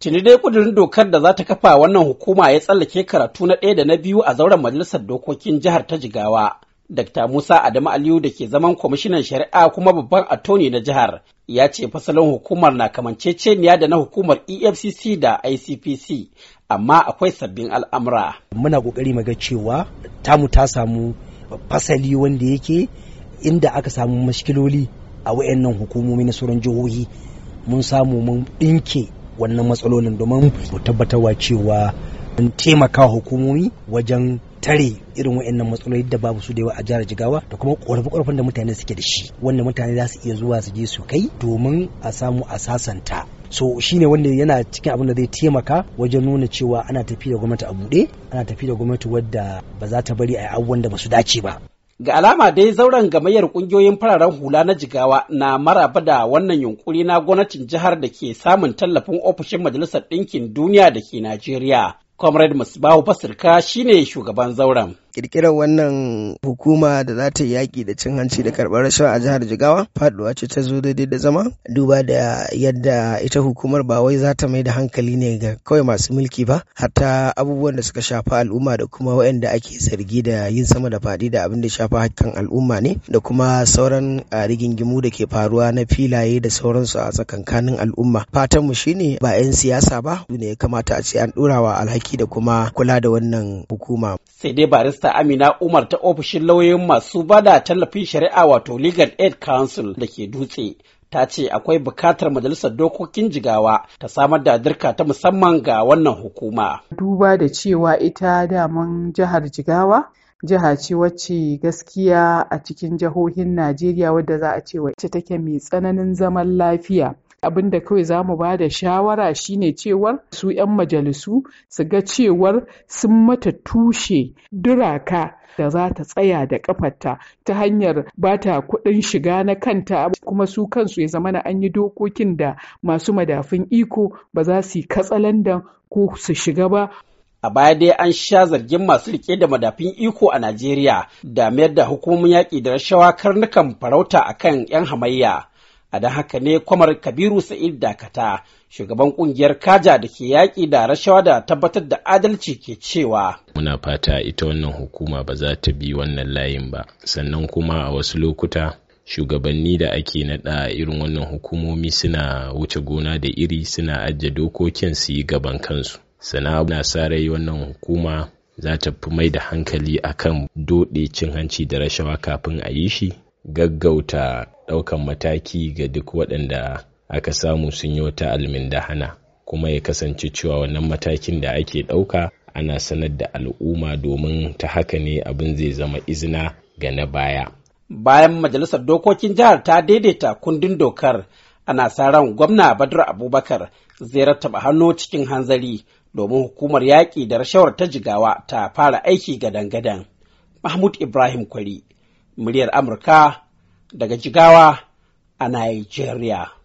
Tuni dai ƙudurin dokar da za ta kafa wannan hukuma ya tsallake karatu na ɗaya da na biyu a zauren majalisar dokokin jihar ta Jigawa. Dr. Musa Adamu Aliyu da ke zaman kwamishinan shari'a kuma babban atoni na jihar ya ce fasalin hukumar na kamanceceniya da na hukumar EFCC da ICPC amma akwai sabbin al'amura. Muna kokari muga ga cewa tamu ta samu fasali wanda yake inda aka samu mashkiloli a wayannan hukumomi na sauran jihohi mun samu mun ɗinke wannan matsalolin domin mu tabbatarwa cewa an taimaka hukumomi wajen tare irin wa'annan matsaloli da babu su da yawa a jihar jigawa da kuma ƙorafe-ƙorafen da mutane suke da shi wanda mutane za su iya zuwa su je su kai domin a samu a sasanta so shine wanda yana cikin abin da zai taimaka wajen nuna cewa ana tafi da gwamnati a buɗe ana tafi da gwamnati wadda ba za ta bari a yi abubuwan da ba su dace ba Ga alama dai zauren gamayyar kungiyoyin fararen hula na jigawa na maraba da wannan yunkuri na gwamnatin jihar da ke samun tallafin ofishin Majalisar Ɗinkin Duniya da ke Najeriya. Comrade Musbahu Basirka shine shugaban zauren. kirkirar wannan hukuma da za ta yi yaƙi da cin hanci da karɓar rashawa a jihar jigawa faɗuwa ce ta zo daidai da zama duba da yadda ita hukumar ba wai za ta mai da hankali ne ga kawai masu mulki ba hatta abubuwan da suka shafa al'umma da kuma waɗanda ake zargi da yin sama da faɗi da abin da shafa hakkan al'umma ne da kuma sauran rigingimu da ke faruwa na filaye da sauransu a tsakankanin al'umma fatan mu shine ba 'yan siyasa ba ne ya kamata a ce an ɗorawa alhaki da kuma kula da wannan hukuma sai dai barista barista Amina Umar ta ofishin lauyoyin masu bada tallafin shari'a wato Legal Aid Council da ke dutse. Ta ce akwai bukatar majalisar dokokin jigawa ta samar da dirka ta musamman ga wannan hukuma. Duba da cewa ita daman jihar jigawa jiha ce wacce gaskiya a cikin jihohin Najeriya wadda za a ce wacce take mai tsananin zaman lafiya. abin da kawai za mu ba da shawara shine cewar su 'yan majalisu su ga cewar sun mata tushe duraka da za ta tsaya da kafarta ta hanyar ba ta kuɗin shiga na kanta kuma su kansu ya zama na an yi dokokin da masu madafin iko ba za su yi katsalandan ko su shiga ba A baya dai an sha zargin masu rike da madafin iko a Najeriya da mayar da hukumomin yaƙi da rashawa karnukan farauta a kan 'yan hamayya. a da haka ne kwamar kabiru sa'id dakata shugaban kungiyar kaja da ke yaƙi da rashawa da tabbatar da adalci ke cewa muna fata ita wannan hukuma ba za ta bi wannan layin ba sannan kuma a wasu lokuta shugabanni da ake naɗa irin wannan hukumomi suna wuce gona da iri suna ajiye dokokin su yi gaban kansu sana'a na sa rai wannan hukuma za ta fi mai da hankali akan doɗe cin hanci da rashawa kafin a yi shi gaggauta ɗaukan mataki ga duk waɗanda aka samu sun yi wata almindahana kuma ya kasance cewa wannan matakin da ake ɗauka ana sanar da al'umma domin ta haka ne abin zai zama izina ga na baya. Bayan majalisar dokokin jihar ta daidaita kundin dokar ana sa ran gwamna Badru Abubakar zai rattaba hannu cikin hanzari domin hukumar yaƙi da rashawar ta jigawa ta fara aiki gadan-gadan. Mahmud Ibrahim Kwari muryar Amurka daga Jigawa a Nigeria.